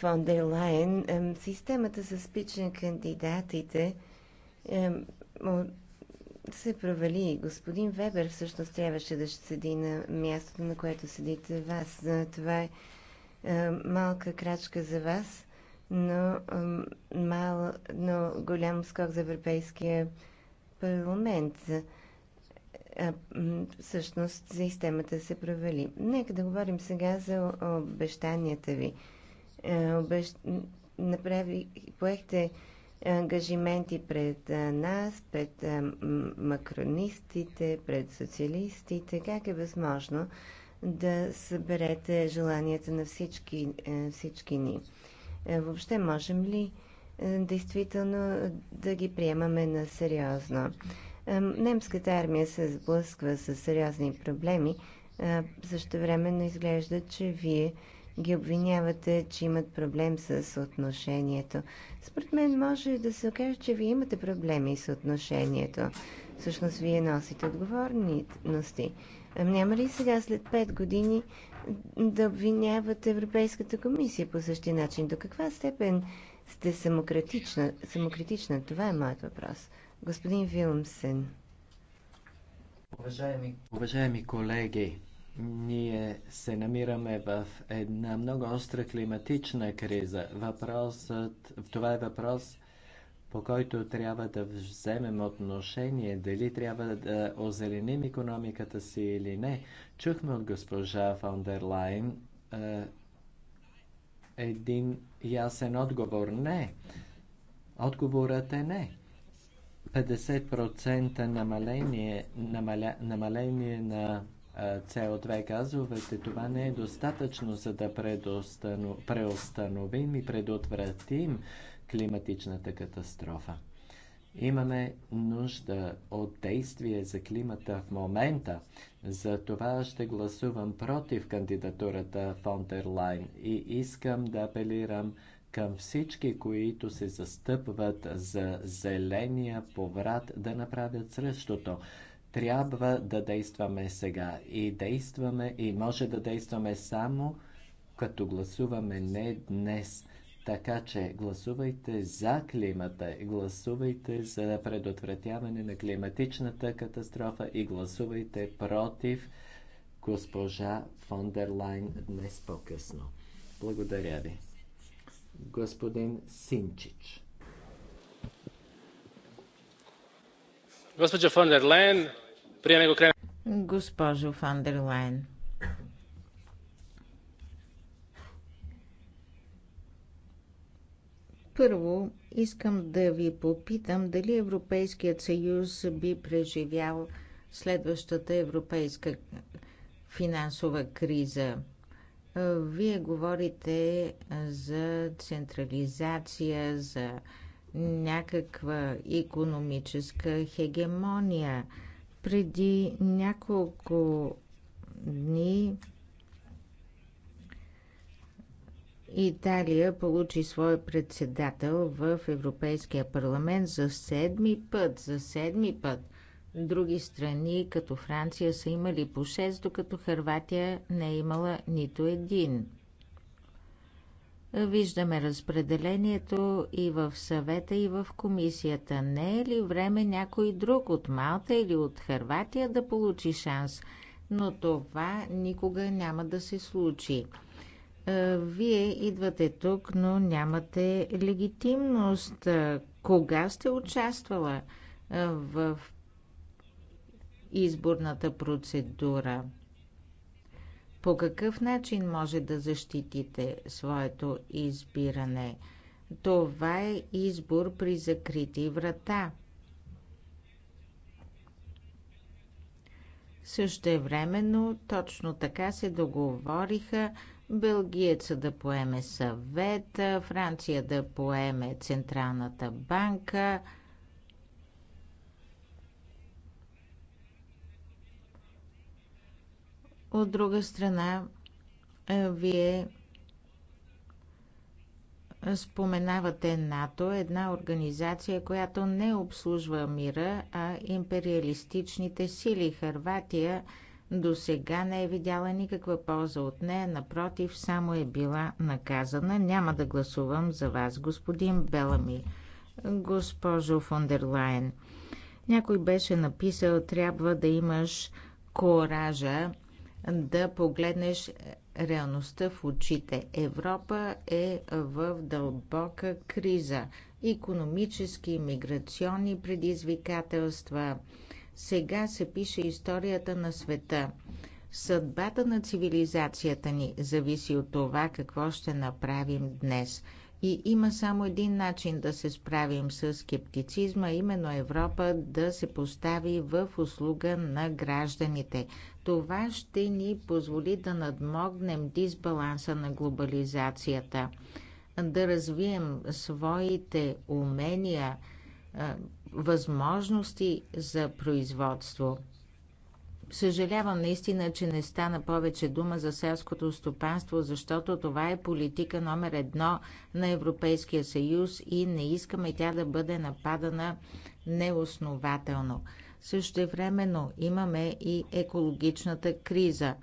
фон дер Лайен, системата с пич на кандидатите се провали. Господин Вебер всъщност трябваше да ще седи на мястото, на което седите вас. Е, това е, е малка крачка за вас, но, мал, но голям скок за Европейския парламент. А, е, всъщност системата се провали. Нека да говорим сега за обещанията ви. Е, обещ... направи... поехте ангажименти пред нас, пред макронистите, пред социалистите. Как е възможно да съберете желанията на всички, е, всички ни? Е, въобще можем ли действително да ги приемаме на сериозно? Немската армия се сблъсква с сериозни проблеми. Също времено изглежда, че вие ги обвинявате, че имат проблем с отношението. Според мен може да се окаже, че вие имате проблеми с отношението. Всъщност вие носите отговорности. Ами няма ли сега след 5 години да обвинявате Европейската комисия по същия начин? До каква степен сте самокритична? самокритична? Това е моят въпрос. Господин Вилмсен. Уважаеми, уважаеми колеги, ние се намираме в една много остра климатична криза. Въпросът, това е въпрос, по който трябва да вземем отношение дали трябва да озеленим економиката си или не. Чухме от госпожа Фондерлайн е, един ясен отговор. Не. Отговорът е не. 50% намаление, намаля, намаление на CO2 газовете, е това не е достатъчно, за да преустановим и предотвратим климатичната катастрофа. Имаме нужда от действие за климата в момента. За това ще гласувам против кандидатурата Фонтерлайн и искам да апелирам към всички, които се застъпват за зеления поврат да направят срещото. Трябва да действаме сега и действаме и може да действаме само като гласуваме не днес. Така че гласувайте за климата, гласувайте за предотвратяване на климатичната катастрофа и гласувайте против госпожа фон дер Лайн днес по-късно. Благодаря ви. Господин Синчич. Госпожо фон дер Лайн, Госпожо Фандерлайн. Първо, искам да ви попитам дали Европейският съюз би преживял следващата европейска финансова криза. Вие говорите за централизация, за някаква економическа хегемония. Преди няколко дни Италия получи своя председател в Европейския парламент за седми път. За седми път. Други страни, като Франция, са имали по 6, докато Хърватия не е имала нито един. Виждаме разпределението и в съвета, и в комисията. Не е ли време някой друг от Малта или от Харватия да получи шанс? Но това никога няма да се случи. Е, вие идвате тук, но нямате легитимност. Е, кога сте участвала е, в изборната процедура? По какъв начин може да защитите своето избиране? Това е избор при закрити врата. Същевременно, точно така се договориха Белгиеца да поеме съвета, Франция да поеме Централната банка – От друга страна, е, вие споменавате НАТО, една организация, която не обслужва мира, а империалистичните сили. Харватия до сега не е видяла никаква полза от нея, напротив, само е била наказана. Няма да гласувам за вас, господин Белами, госпожо Фондерлайн. Някой беше написал, трябва да имаш коража да погледнеш реалността в очите. Европа е в дълбока криза. Економически, миграционни предизвикателства. Сега се пише историята на света. Съдбата на цивилизацията ни зависи от това какво ще направим днес – и има само един начин да се справим с скептицизма, именно Европа да се постави в услуга на гражданите. Това ще ни позволи да надмогнем дисбаланса на глобализацията, да развием своите умения, възможности за производство – Съжалявам наистина, че не стана повече дума за селското стопанство, защото това е политика номер едно на Европейския съюз и не искаме тя да бъде нападана неоснователно. времено имаме и екологичната криза.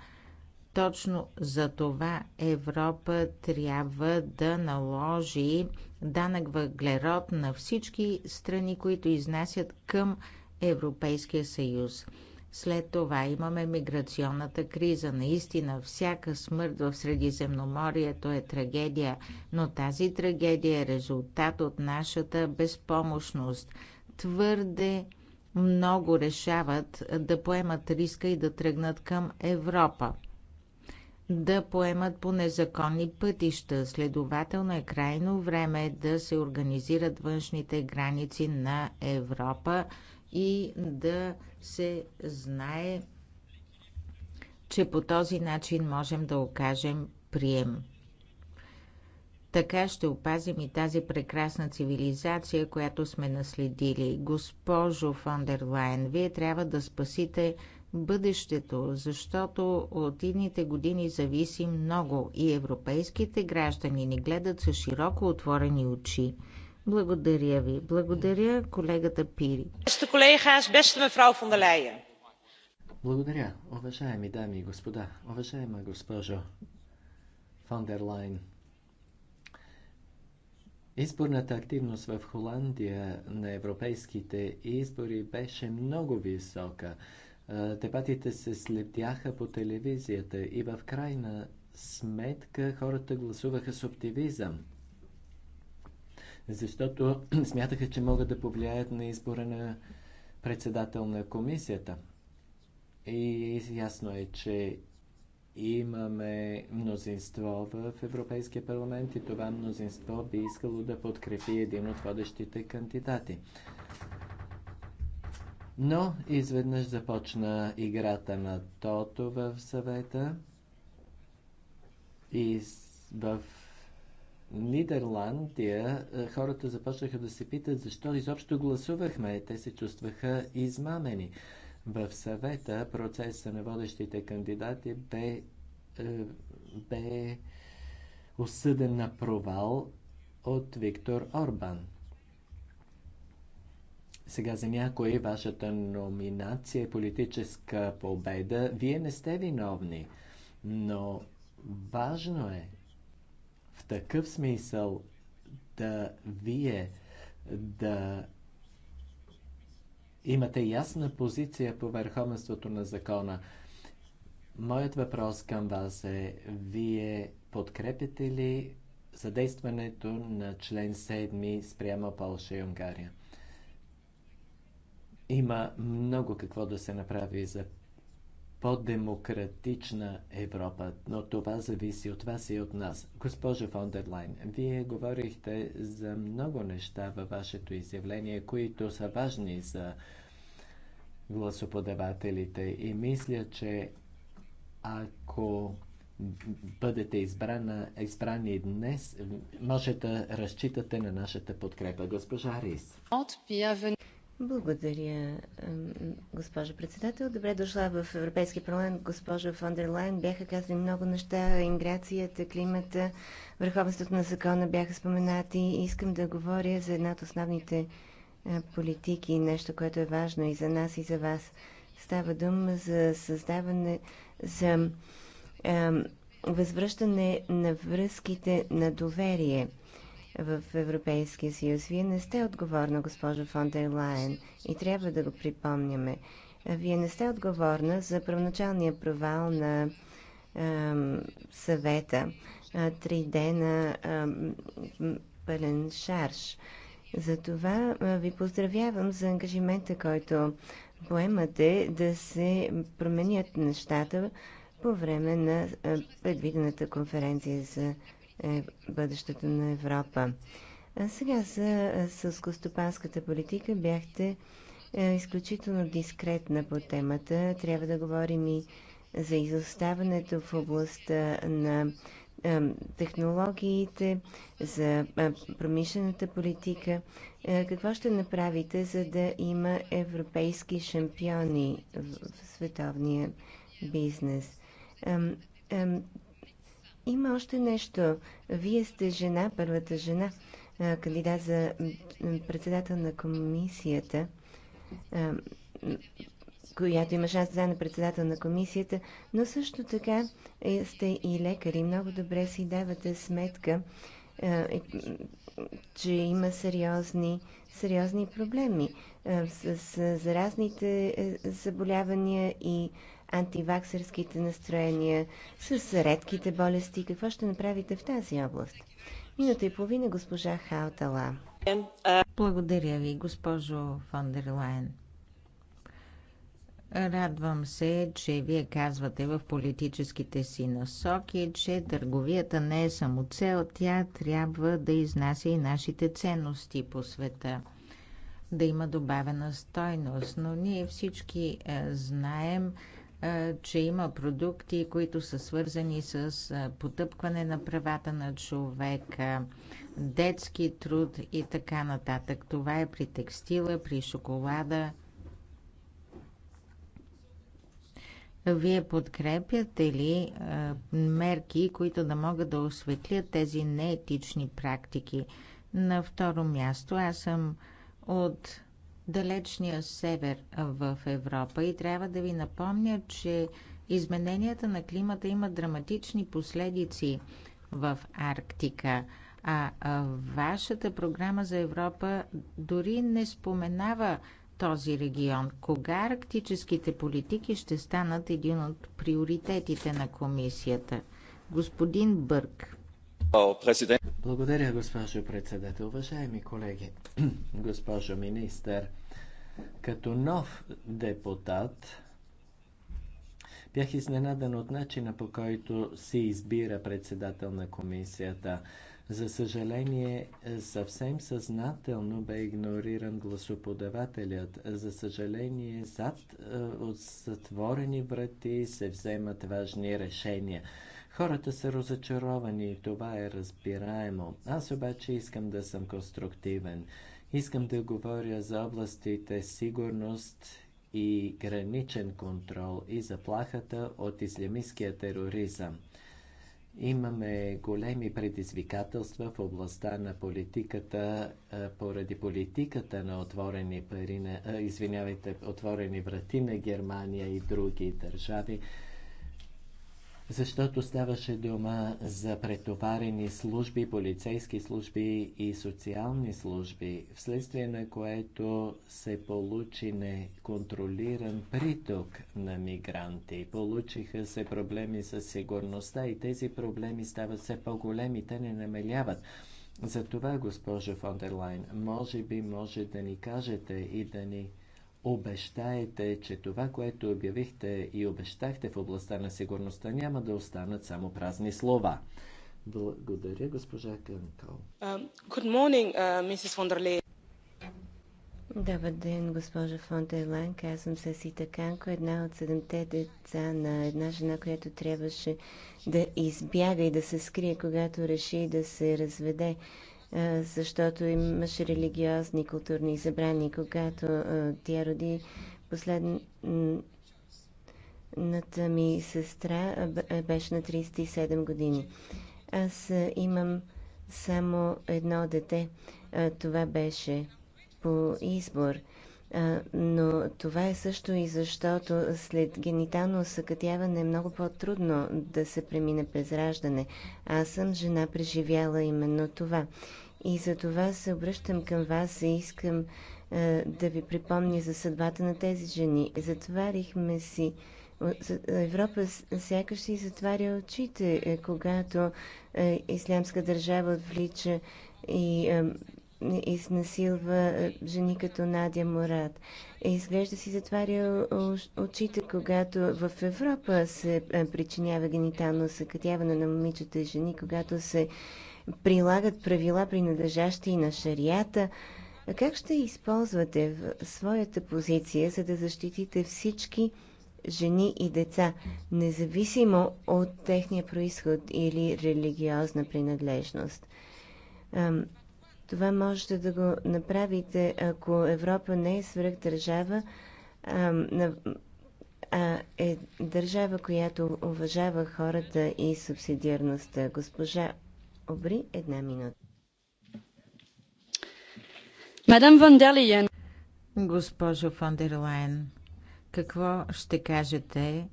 Точно за това Европа трябва да наложи данък въглерод на всички страни, които изнасят към Европейския съюз. След това имаме миграционната криза. Наистина, всяка смърт в Средиземноморието е трагедия, но тази трагедия е резултат от нашата безпомощност. Твърде много решават да поемат риска и да тръгнат към Европа. Да поемат по незаконни пътища. Следователно е крайно време да се организират външните граници на Европа и да се знае, че по този начин можем да окажем прием. Така ще опазим и тази прекрасна цивилизация, която сме наследили. Госпожо фон вие трябва да спасите бъдещето, защото от идните години зависи много и европейските граждани ни гледат с широко отворени очи. Благодаря ви. Благодаря колегата Пири. Beste collega's, beste mevrouw van der Leyen. Благодаря, уважаеми дами и господа, уважаема госпожо Фон Дерлайн. Изборната активност в Холандия на европейските избори беше много висока. Дебатите се следяха по телевизията и в крайна сметка хората гласуваха с оптимизъм защото смятаха, че могат да повлияят на избора на председател на комисията. И ясно е, че имаме мнозинство в Европейския парламент и това мнозинство би искало да подкрепи един от водещите кандидати. Но изведнъж започна играта на Тото в съвета и в Нидерландия е, хората започнаха да се питат защо изобщо гласувахме. Те се чувстваха измамени. В съвета процеса на водещите кандидати бе, е, бе осъден на провал от Виктор Орбан. Сега за някои вашата номинация е политическа победа. Вие не сте виновни, но важно е в такъв смисъл да вие да имате ясна позиция по върховенството на закона. Моят въпрос към вас е, вие подкрепите ли задействането на член 7 спрямо Полша и Унгария? Има много какво да се направи за по-демократична Европа, но това зависи от вас и от нас. Госпожо фон дер Лайн, вие говорихте за много неща във вашето изявление, които са важни за гласоподавателите и мисля, че ако бъдете избрана, избрани днес, може да разчитате на нашата подкрепа. Госпожа Рис. Благодаря, госпожо председател. Добре дошла в Европейския парламент, госпожо фон дер Лайн. Бяха казани много неща. Имиграцията, климата, върховенството на закона бяха споменати. Искам да говоря за една от основните политики, нещо, което е важно и за нас, и за вас. Става дума за създаване, за е, възвръщане на връзките на доверие – в Европейския съюз. Вие не сте отговорна, госпожо фон дер Лайен, и трябва да го припомняме. Вие не сте отговорна за първоначалния провал на ем, съвета. Три дена ем, пълен шарш. Затова ви поздравявам за ангажимента, който поемате да се променят нещата по време на предвидената конференция за е бъдещето на Европа. А сега за сълскостопанската политика бяхте е, изключително дискретна по темата. Трябва да говорим и за изоставането в областта на е, технологиите, за е, промишлената политика. Какво ще направите, за да има европейски шампиони в, в световния бизнес? Има още нещо. Вие сте жена, първата жена, кандидат за председател на комисията, която има шанс да стане председател на комисията, но също така е, сте и лекари. Много добре си давате сметка, че има сериозни, сериозни проблеми с заразните е, заболявания и антиваксерските настроения, с редките болести. Какво ще направите в тази област? Минута и половина госпожа Хаутала. Благодаря ви, госпожо Фондерлайн. Радвам се, че вие казвате в политическите си насоки, че търговията не е само цел, тя трябва да изнася и нашите ценности по света, да има добавена стойност. Но ние всички е, знаем, е, че има продукти, които са свързани с е, потъпкване на правата на човека, детски труд и така нататък. Това е при текстила, при шоколада. Вие подкрепяте ли е, мерки, които да могат да осветлят тези неетични практики? На второ място аз съм от далечния север в Европа и трябва да ви напомня, че измененията на климата имат драматични последици в Арктика. А, вашата програма за Европа дори не споменава този регион. Кога арктическите политики ще станат един от приоритетите на комисията? Господин Бърк. Благодаря, госпожо председател. Уважаеми колеги, госпожо министър, като нов депутат бях изненадан от начина по който се избира председател на комисията. За съжаление, съвсем съзнателно бе игнориран гласоподавателят. За съжаление, зад е, от затворени врати се вземат важни решения. Хората са разочаровани и това е разбираемо. Аз обаче искам да съм конструктивен. Искам да говоря за областите сигурност и граничен контрол и заплахата от ислямистския тероризъм. Имаме големи предизвикателства в областта на политиката поради политиката на отворени, пари на, извинявайте, отворени врати на Германия и други държави защото ставаше дума за претоварени служби, полицейски служби и социални служби, вследствие на което се получи неконтролиран приток на мигранти. Получиха се проблеми с сигурността и тези проблеми стават все по-големи, те не намаляват. Затова, госпожо Фондерлайн, може би може да ни кажете и да ни обещаете, че това, което обявихте и обещахте в областта на сигурността, няма да останат само празни слова. Благодаря, госпожа Кънкал. Добър ден, госпожа фон Лайн. Казвам се Сита Канко, една от седемте деца на една жена, която трябваше да избяга и да се скрие, когато реши да се разведе. Е, защото имаше религиозни културни забрани. Когато е, тя роди последната ми сестра, е, беше на 37 години. Аз имам само едно дете. Това беше по избор но това е също и защото след генитално съкътяване е много по-трудно да се премине през раждане. Аз съм жена, преживяла именно това. И за това се обръщам към вас и искам да ви припомня за съдбата на тези жени. Затварихме си. Европа сякаш си затваря очите, е, когато е, Ислямска държава отвлича и изнасилва е, жени като Надя Мурат. Изглежда си затваря очите, когато в Европа се е, причинява генитално съкътяване на момичета и жени, когато се прилагат правила, принадлежащи и на шарията. Как ще използвате в своята позиция, за да защитите всички жени и деца, независимо от техния происход или религиозна принадлежност? Това можете да го направите, ако Европа не е свръхдържава, а, а е държава, която уважава хората и субсидиарността. Госпожа Обри, една минута. Мадам Ван Делиен. Госпожо Фон дер Лайен, какво ще кажете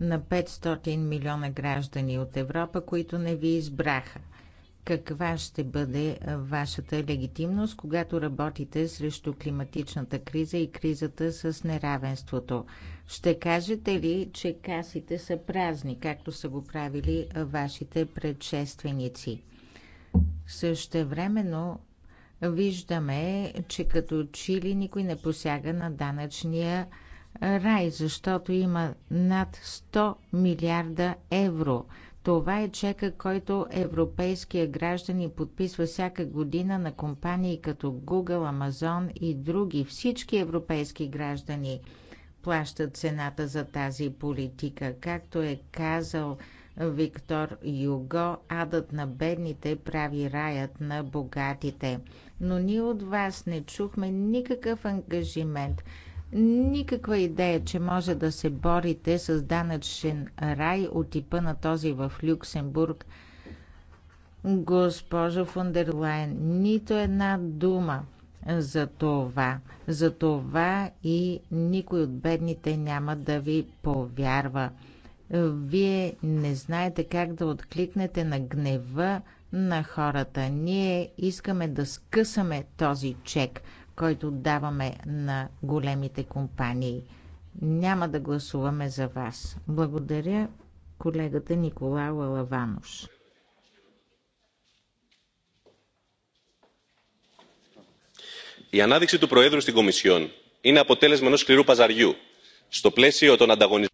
на 500 милиона граждани от Европа, които не ви избраха? каква ще бъде вашата легитимност, когато работите срещу климатичната криза и кризата с неравенството? Ще кажете ли, че касите са празни, както са го правили вашите предшественици? времено виждаме, че като чили никой не посяга на данъчния рай, защото има над 100 милиарда евро – това е чека, който европейския граждани подписва всяка година на компании като Google, Amazon и други. Всички европейски граждани плащат цената за тази политика. Както е казал Виктор Юго, адът на бедните прави раят на богатите. Но ние от вас не чухме никакъв ангажимент Никаква идея, че може да се борите с данъчен рай от типа на този в Люксембург. Госпожо Фондерлайн, нито една дума за това. За това и никой от бедните няма да ви повярва. Вие не знаете как да откликнете на гнева на хората. Ние искаме да скъсаме този чек – който даваме на големите компании. Няма да гласуваме за вас. Благодаря колегата Никола Лаванош. Η ανάδειξη του Προέδρου στην Κομισιόν είναι αποτέλεσμα ενός σκληρού παζαριού στο πλαίσιο των ανταγωνισμών.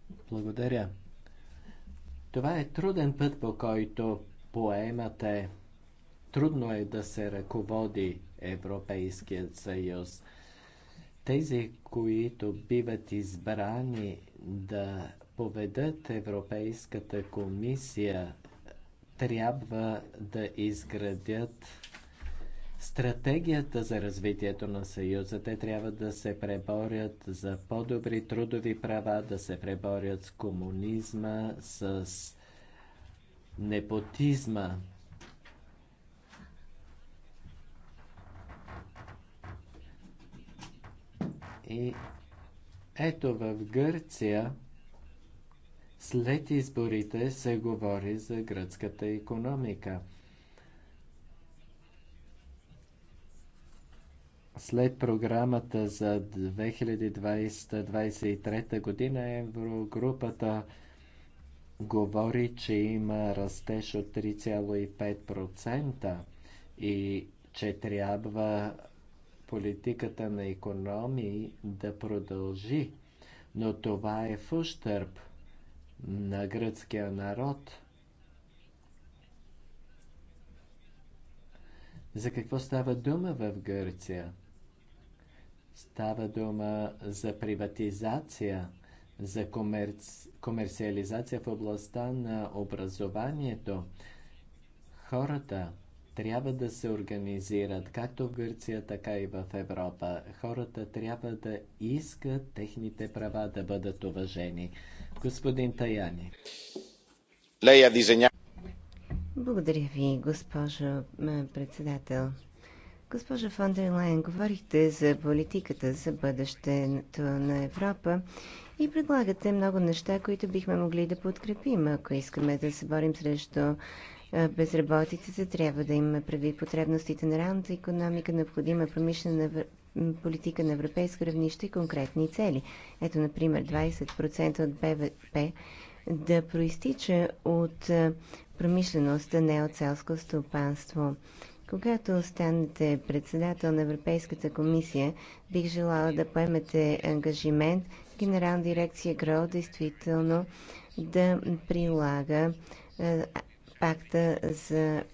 Това е труден път, по който поемате. Трудно е да се ръководи Европейският съюз. Тези, които биват избрани да поведат Европейската комисия, трябва да изградят стратегията за развитието на Съюза. Те трябва да се преборят за по-добри трудови права, да се преборят с комунизма, с непотизма. И ето в Гърция след изборите се говори за гръцката економика. След програмата за 2020-2023 година Еврогрупата говори, че има растеж от 3,5% и че трябва политиката на економии да продължи, но това е в ущърп на гръцкия народ. За какво става дума в Гърция? Става дума за приватизация, за комерци... комерциализация в областта на образованието. Хората трябва да се организират както в Гърция, така и в Европа. Хората трябва да искат техните права да бъдат уважени. Господин Таяни. Благодаря ви, госпожо председател. Госпожа фон дер говорихте за политиката за бъдещето на Европа и предлагате много неща, които бихме могли да подкрепим, ако искаме да се борим срещу безработицата, трябва да има прави потребностите на реалната економика, необходима е промишлена политика на европейско равнище и конкретни цели. Ето, например, 20% от БВП да проистича от промишлеността, не от селско стопанство. Когато станете председател на Европейската комисия, бих желала да поемете ангажимент Генерална дирекция ГРО действително да прилага пакта за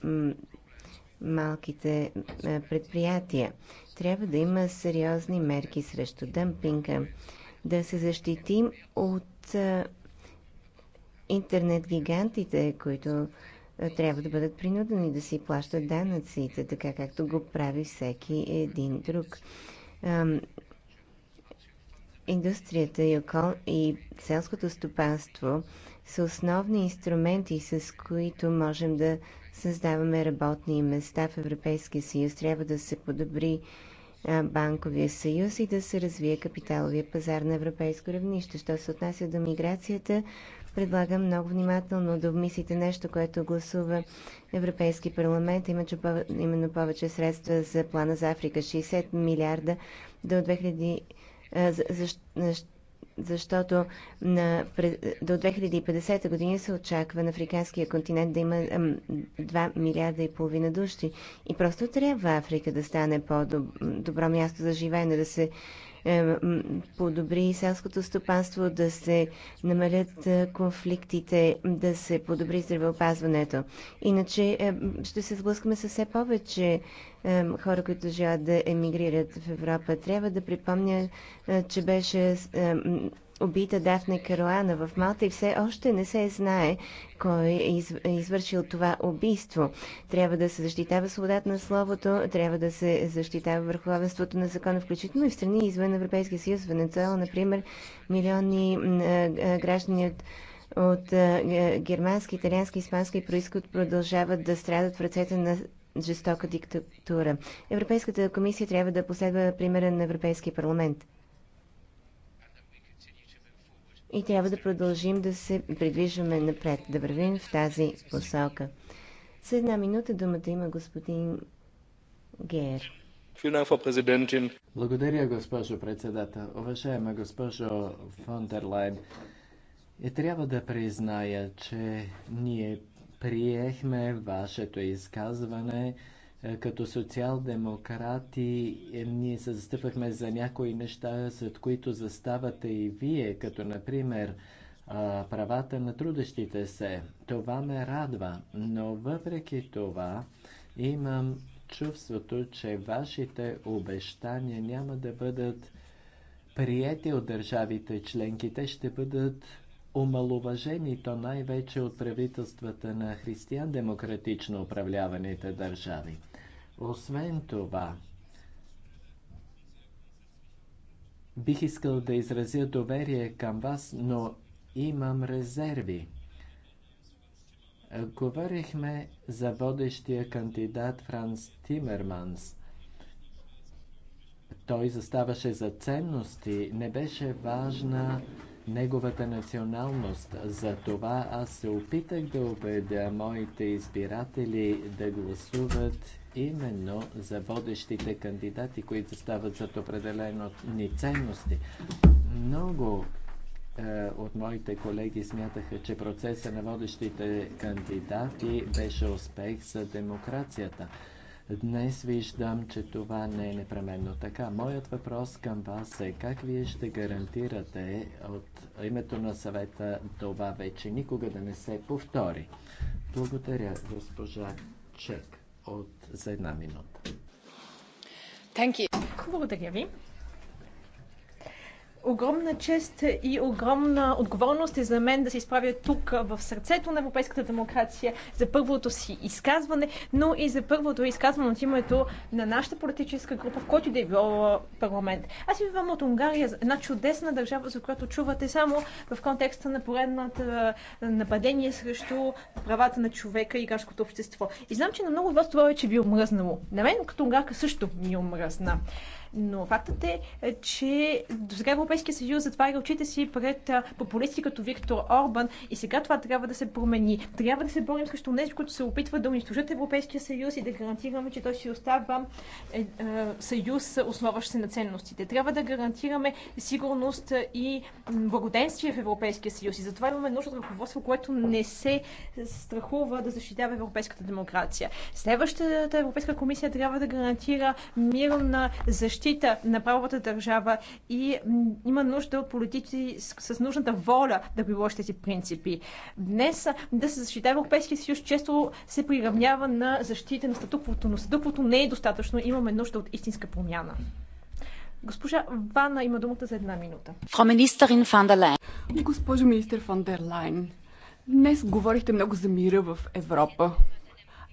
малките е, предприятия. Трябва да има сериозни мерки срещу дъмпинга, да се защитим от е, интернет-гигантите, които е, трябва да бъдат принудени да си плащат данъците, така както го прави всеки един друг. Индустрията и, окол... и селското стопанство са основни инструменти, с които можем да създаваме работни места в Европейския съюз. Трябва да се подобри банковия съюз и да се развие капиталовия пазар на европейско равнище. Що се отнася до миграцията, предлагам много внимателно да обмислите нещо, което гласува Европейски парламент, именно повече средства за плана за Африка 60 милиарда до 2000 е, защото на, до 2050 година се очаква на африканския континент да има 2 милиарда и половина души. И просто трябва Африка да стане по-добро място за живеене, да се е, подобри селското стопанство, да се намалят е, конфликтите, да се подобри здравеопазването. Иначе е, ще се сблъскаме с все повече хора, които желаят да емигрират в Европа. Трябва да припомня, че беше убита Дафне Каруана в Малта и все още не се знае кой е, е извършил това убийство. Трябва да се защитава свободата на словото, трябва да се защитава върховенството на закона, включително и в страни извън Европейския съюз, Венецуела, например, милиони граждани от от германски, италиански, испански происход продължават да страдат в ръцете на жестока диктатура. Европейската комисия трябва да последва примера на Европейския парламент и трябва да продължим да се придвижваме напред, да вървим в тази посока. За една минута думата има господин Гер. Благодаря, госпожо председател. Уважаема госпожо Фондерлайн, и трябва да призная, че ние приехме вашето изказване е, като социал-демократи е, ние се застъпвахме за някои неща, след които заставате и вие, като например правата на трудещите се. Това ме радва, но въпреки това имам чувството, че вашите обещания няма да бъдат приети от държавите членки. Те ще бъдат омалуважени, то най-вече от правителствата на християн-демократично управляваните държави. Освен това, бих искал да изразя доверие към вас, но имам резерви. Говорихме за водещия кандидат Франс Тимерманс. Той заставаше за ценности, не беше важна неговата националност. За това аз се опитах да убедя моите избиратели да гласуват именно за водещите кандидати, които стават зад определени ценности. Много е, от моите колеги смятаха, че процеса на водещите кандидати беше успех за демокрацията. Днес виждам, че това не е непременно така. Моят въпрос към вас е как вие ще гарантирате от името на съвета това вече никога да не се повтори. Благодаря, госпожа Чек, от, за една минута. Благодаря ви. Огромна чест и огромна отговорност е за мен да се изправя тук, в сърцето на европейската демокрация, за първото си изказване, но и за първото изказване от името на нашата политическа група, в който да е било парламент. Аз идвам от Унгария, една чудесна държава, за която чувате само в контекста на поредната нападение срещу правата на човека и гражданското общество. И знам, че на много от вас това вече ви е омръзнало. На мен като унгарка също ми е омръзна. Но фактът е, че до сега Европейския съюз затваря очите си пред популисти като Виктор Орбан и сега това трябва да се промени. Трябва да се борим срещу нещо, което се опитва да унищожат Европейския съюз и да гарантираме, че той си остава е, е, съюз, основащ се на ценностите. Трябва да гарантираме сигурност и благоденствие в Европейския съюз. И затова имаме нужда от ръководство, което не се страхува да защитава европейската демокрация. Следващата Европейска комисия трябва да гарантира мирна защита защита на правовата държава и има нужда от политици с, с нужната воля да приложи тези принципи. Днес да се защитава Европейския съюз често се приравнява на защита на статуквото, но статуквото не е достатъчно. Имаме нужда от истинска промяна. Госпожа Вана има думата за една минута. Госпожо министър Фандерлайн, днес говорихте много за мира в Европа.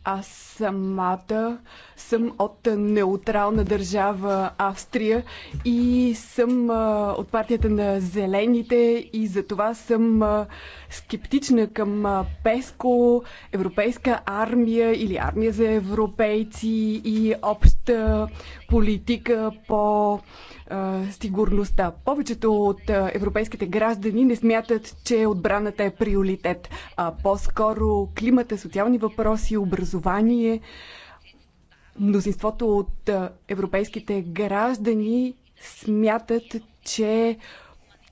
Аз самата съм от неутрална държава Австрия и съм а, от партията на зелените и за това съм а, скептична към а, ПЕСКО, Европейска армия или армия за европейци и обща политика по а, сигурността. Повечето от а, европейските граждани не смятат, че отбраната е приоритет, а по-скоро климата, социални въпроси, образование образование. Мнозинството от европейските граждани смятат, че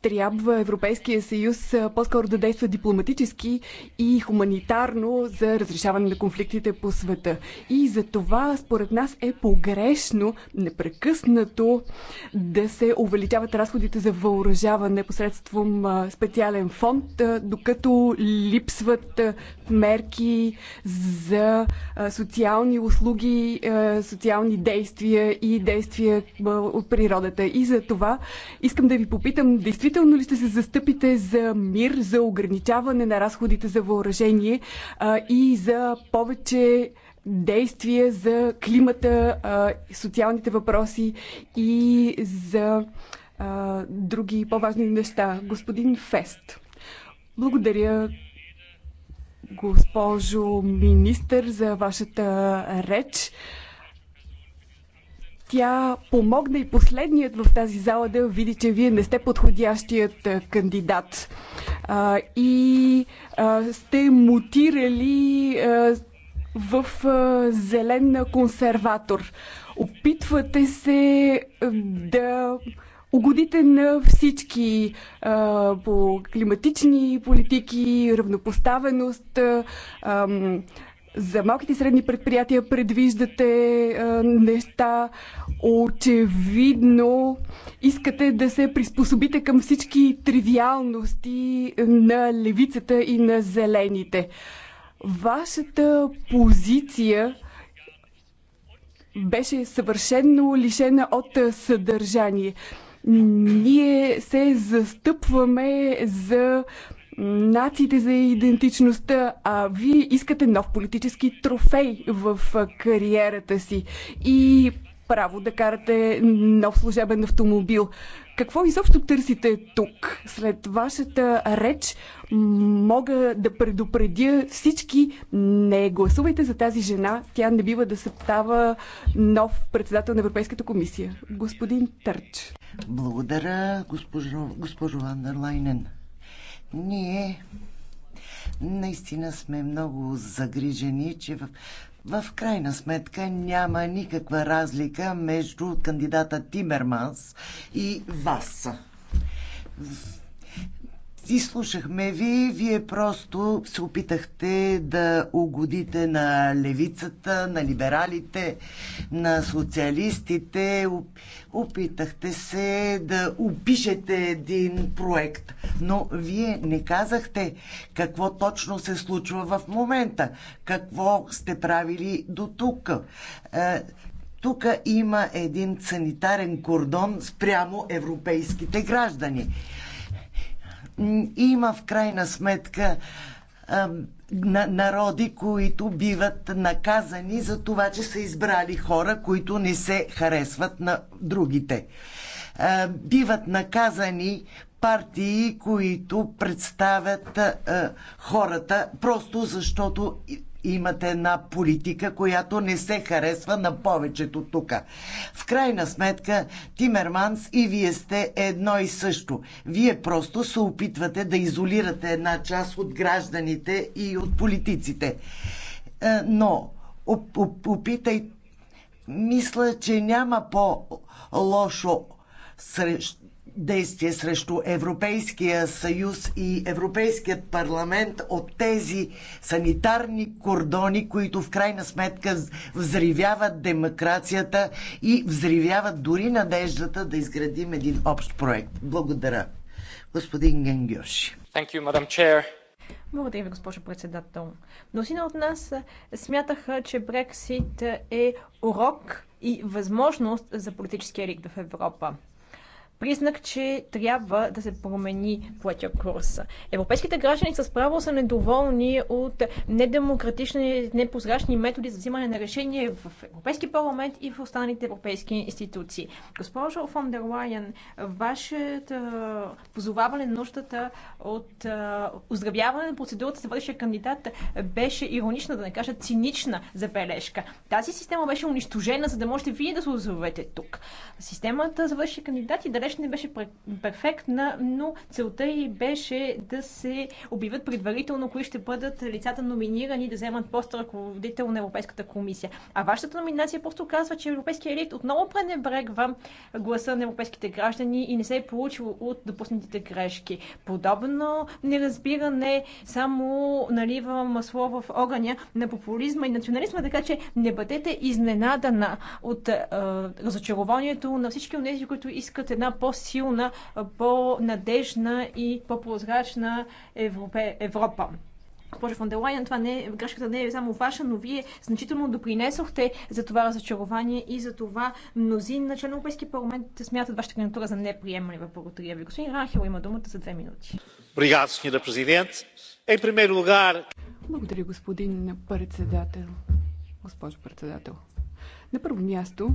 трябва Европейския съюз по-скоро да действа дипломатически и хуманитарно за разрешаване на конфликтите по света. И за това, според нас, е погрешно непрекъснато да се увеличават разходите за въоръжаване посредством специален фонд, докато липсват мерки за социални услуги, социални действия и действия от природата. И за това искам да ви попитам, действително, Действително ли ще се застъпите за мир, за ограничаване на разходите за въоръжение а, и за повече действия за климата, а, социалните въпроси и за а, други по-важни неща? Господин Фест. Благодаря, госпожо министър, за вашата реч. Тя помогна и последният в тази зала да види, че вие не сте подходящият кандидат. А, и а, сте мутирали а, в а, зелен консерватор. Опитвате се да угодите на всички а, по климатични политики, равнопоставеност, а, за малките и средни предприятия предвиждате а, неща. Очевидно искате да се приспособите към всички тривиалности на левицата и на зелените. Вашата позиция беше съвършенно лишена от съдържание. Ние се застъпваме за нациите за идентичността, а вие искате нов политически трофей в кариерата си и право да карате нов служебен автомобил. Какво изобщо търсите тук? След вашата реч мога да предупредя всички не гласувайте за тази жена. Тя не бива да се става нов председател на Европейската комисия. Господин Търч. Благодаря, госпожо, госпожо Вандерлайнен. Ние наистина сме много загрижени, че в, в крайна сметка няма никаква разлика между кандидата Тимерманс и вас Изслушахме ви, вие просто се опитахте да угодите на левицата, на либералите, на социалистите. Опитахте се да опишете един проект, но вие не казахте какво точно се случва в момента, какво сте правили до тук. Е, тук има един санитарен кордон спрямо европейските граждани има в крайна сметка народи, които биват наказани за това, че са избрали хора, които не се харесват на другите. Биват наказани партии, които представят хората просто защото имат една политика, която не се харесва на повечето тук. В крайна сметка, Тимерманс и вие сте едно и също. Вие просто се опитвате да изолирате една част от гражданите и от политиците. Е, но опитай, мисля, че няма по-лошо срещу действие срещу Европейския съюз и Европейският парламент от тези санитарни кордони, които в крайна сметка взривяват демокрацията и взривяват дори надеждата да изградим един общ проект. Благодаря. Господин Генгьоши. Благодаря ви, госпожо председател. Мнозина от нас смятаха, че Брексит е урок и възможност за политическия рик в Европа признак, че трябва да се промени платя курс. Европейските граждани с право са недоволни от недемократични, непрозрачни методи за взимане на решение в Европейски парламент и в останалите европейски институции. Госпожо фон дер Лайен, вашето позоваване на нуждата от оздравяване на процедурата за вършия кандидат беше иронична, да не кажа цинична забележка. Тази система беше унищожена, за да можете вие да се озовете тук. Системата за бъдещия кандидат и да далеч не беше перфектна, но целта й беше да се обявят предварително кои ще бъдат лицата номинирани да вземат пост ръководител на Европейската комисия. А вашата номинация просто казва, че Европейския елит отново пренебрегва гласа на европейските граждани и не се е получил от допуснатите грешки. Подобно неразбиране само налива масло в огъня на популизма и национализма, така че не бъдете изненадана от е, разочарованието на всички от тези, които искат една по-силна, по-надежна и по-прозрачна Европа. Госпожо фон Делайен, това не, грешката не е само ваша, но вие значително допринесохте за това разочарование и за това мнозин на член Европейски парламент смятат вашата кандидатура за неприемлива. Благодаря ви. Господин Рахел има думата за две минути. Obrigado, senhora Presidente. Em primeiro Благодаря, господин председател. Госпожо председател. На първо място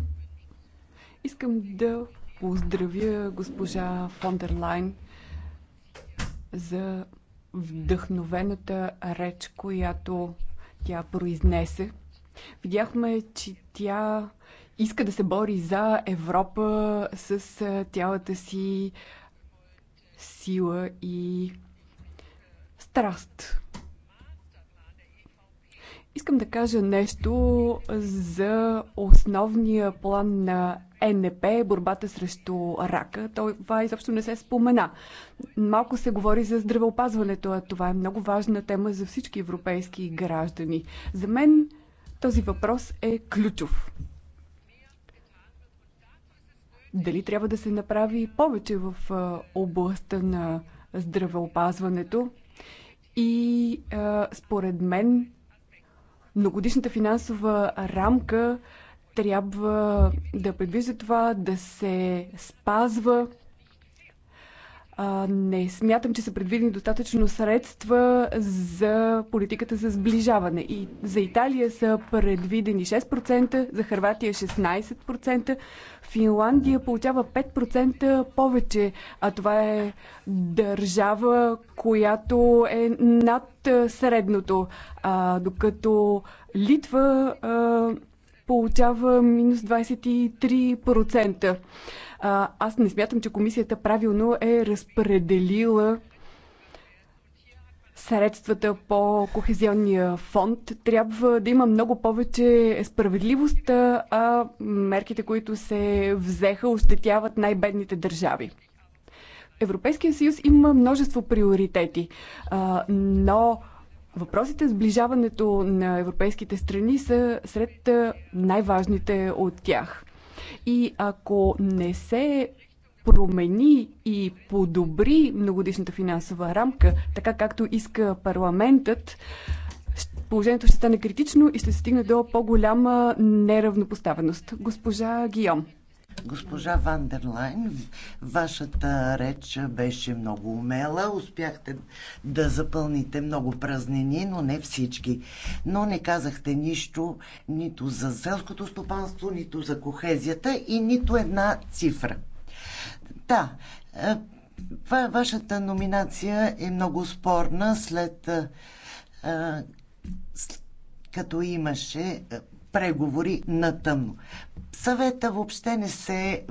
искам да поздравя госпожа Фондерлайн за вдъхновената реч, която тя произнесе. Видяхме, че тя иска да се бори за Европа с цялата си сила и страст. Искам да кажа нещо за основния план на НП, борбата срещу рака. Това изобщо не се спомена. Малко се говори за здравеопазването, а това е много важна тема за всички европейски граждани. За мен този въпрос е ключов. Дали трябва да се направи повече в областта на здравеопазването? И според мен Многодишната финансова рамка трябва да предвижда това, да се спазва а, не смятам, че са предвидени достатъчно средства за политиката за сближаване. И за Италия са предвидени 6%, за Харватия 16%, Финландия получава 5% повече, а това е държава, която е над средното, а, докато Литва а, получава минус 23%. Аз не смятам, че комисията правилно е разпределила средствата по кохезионния фонд. Трябва да има много повече справедливост, а мерките, които се взеха, ощетяват най-бедните държави. Европейския съюз има множество приоритети, но въпросите с ближаването на европейските страни са сред най-важните от тях. И ако не се промени и подобри многодишната финансова рамка, така както иска парламентът, положението ще стане критично и ще се стигне до по-голяма неравнопоставеност. Госпожа Гиом. Госпожа Вандерлайн, вашата реч беше много умела. Успяхте да запълните много празнини, но не всички. Но не казахте нищо нито за селското стопанство, нито за кохезията и нито една цифра. Да, е, вашата номинация е много спорна след е, е, като имаше преговори на тъмно. Съвета въобще не се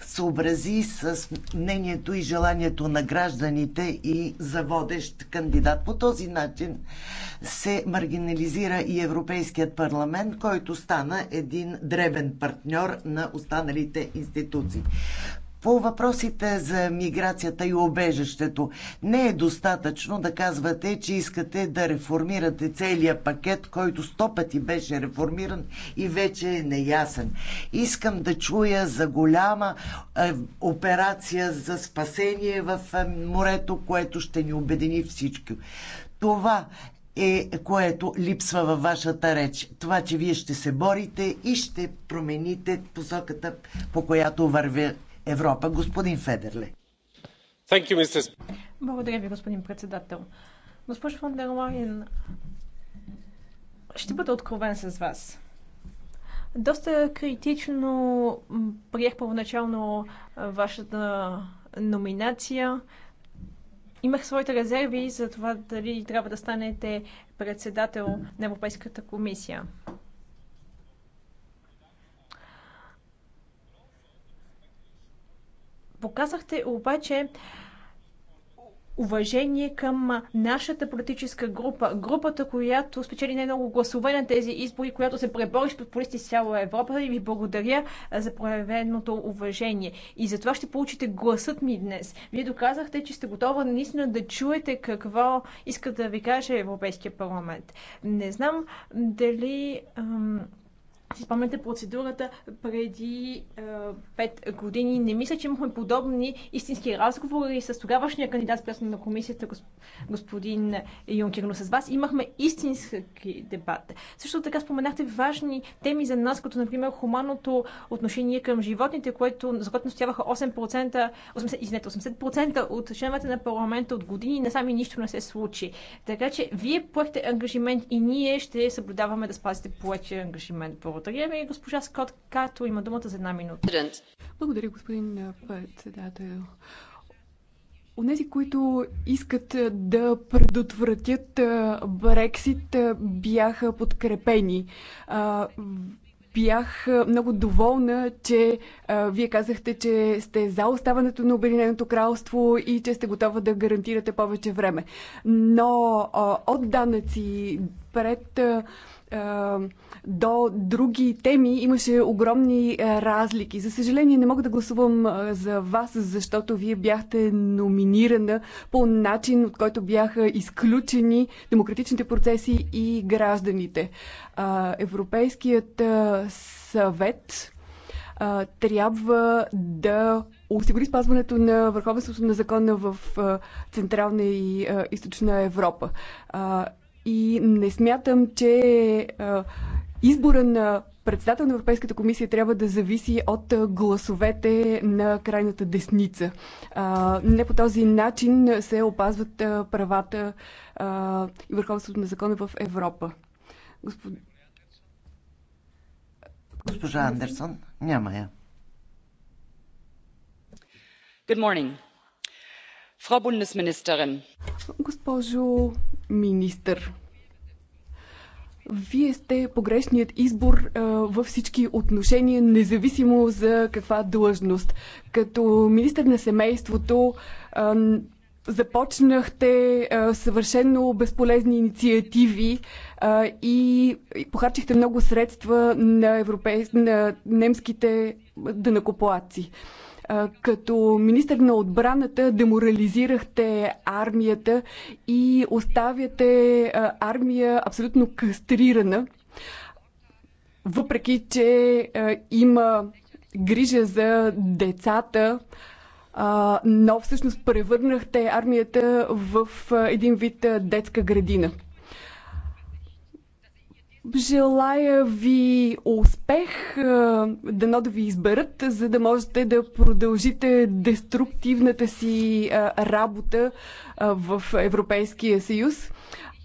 съобрази с мнението и желанието на гражданите и за водещ кандидат. По този начин се маргинализира и Европейският парламент, който стана един дребен партньор на останалите институции по въпросите за миграцията и обежището не е достатъчно да казвате, че искате да реформирате целия пакет, който сто пъти беше реформиран и вече е неясен. Искам да чуя за голяма е, операция за спасение в е, морето, което ще ни обедини всички. Това е което липсва във вашата реч. Това, че вие ще се борите и ще промените посоката, по която вървя. Европа. Господин Федерле. You, Благодаря ви, господин председател. Госпожо фон ще бъда откровен с вас. Доста критично приех първоначално вашата номинация. Имах своите резерви за това дали трябва да станете председател на Европейската комисия. Показахте обаче уважение към нашата политическа група, групата, която спечели най-много гласове на тези избори, която се пребориш под полисти с цяла Европа и ви благодаря за проявеното уважение. И за това ще получите гласът ми днес. Вие доказахте, че сте готова наистина да чуете какво иска да ви каже Европейския парламент. Не знам дали... Ам си спомняте процедурата преди пет години. Не мисля, че имахме подобни истински разговори с тогавашния кандидат с на комисията, господин Юнкер, но с вас имахме истински дебат. Също така споменахте важни теми за нас, като например хуманното отношение към животните, което, за което настояваха 8%, 80%, извинете, 80% от членовете на парламента от години сами нищо не се случи. Така че вие поехте ангажимент и ние ще съблюдаваме да спазите поетия ангажимент. Благодаря. Е, Благодаря ви. Госпожа Скот Като има думата за една минута. Благодаря, господин председател. Онези, които искат да предотвратят Брексит, бяха подкрепени. Бях много доволна, че а, вие казахте, че сте за оставането на Обединеното кралство и че сте готова да гарантирате повече време. Но а, от данъци пред. А, а, до други теми имаше огромни е, разлики. За съжаление, не мога да гласувам е, за вас, защото вие бяхте номинирана по начин, от който бяха изключени демократичните процеси и гражданите. Е, Европейският съвет трябва да осигури спазването на върховенството на закона в Централна и Източна Европа. И не смятам, че избора на председател на Европейската комисия трябва да зависи от гласовете на крайната десница. Не по този начин се опазват правата и върховството на закона в Европа. Госпожа Андерсон, няма я. Good morning. Frau Bundesministerin. Госпожо министър, вие сте погрешният избор а, във всички отношения, независимо за каква длъжност. Като министър на семейството а, започнахте а, съвършенно безполезни инициативи а, и, и похарчихте много средства на, европейс... на немските дънакоплаци. Като министр на отбраната деморализирахте армията и оставяте армия абсолютно кастрирана, въпреки че има грижа за децата, но всъщност превърнахте армията в един вид детска градина. Желая ви успех, дано да ви изберат, за да можете да продължите деструктивната си работа в Европейския съюз.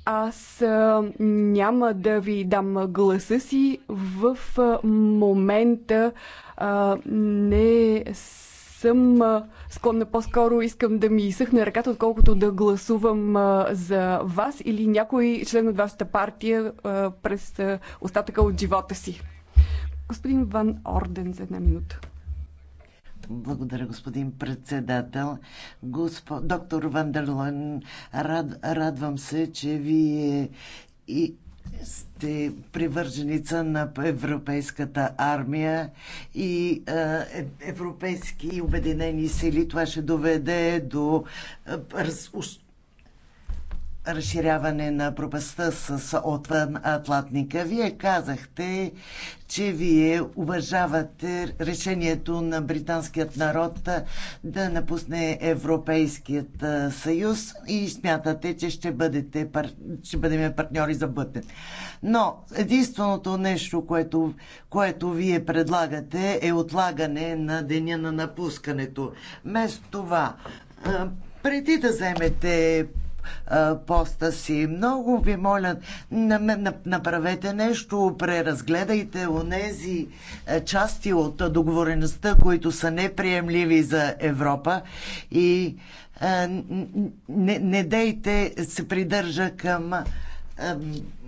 Аз няма да ви дам гласа си в момента не съм склонна по-скоро искам да ми изсъхне ръката, отколкото да гласувам за вас или някой член от вашата партия през остатъка от живота си. Господин Ван Орден за една минута. Благодаря, господин председател. Госпо... Доктор Вандерлон, рад... радвам се, че вие и сте привърженица на Европейската армия и е, европейски обединени сили. Това ще доведе до е, разширяване на пропаста с отвън Атлантника. Вие казахте, че вие уважавате решението на британският народ да напусне Европейският съюз и смятате, че ще, бъдете, ще бъдем партньори за бъдне. Но единственото нещо, което, което вие предлагате е отлагане на деня на напускането. Вместо това преди да вземете поста си. Много ви моля, направете нещо, преразгледайте онези части от договореността, които са неприемливи за Европа и не, не дейте се придържа към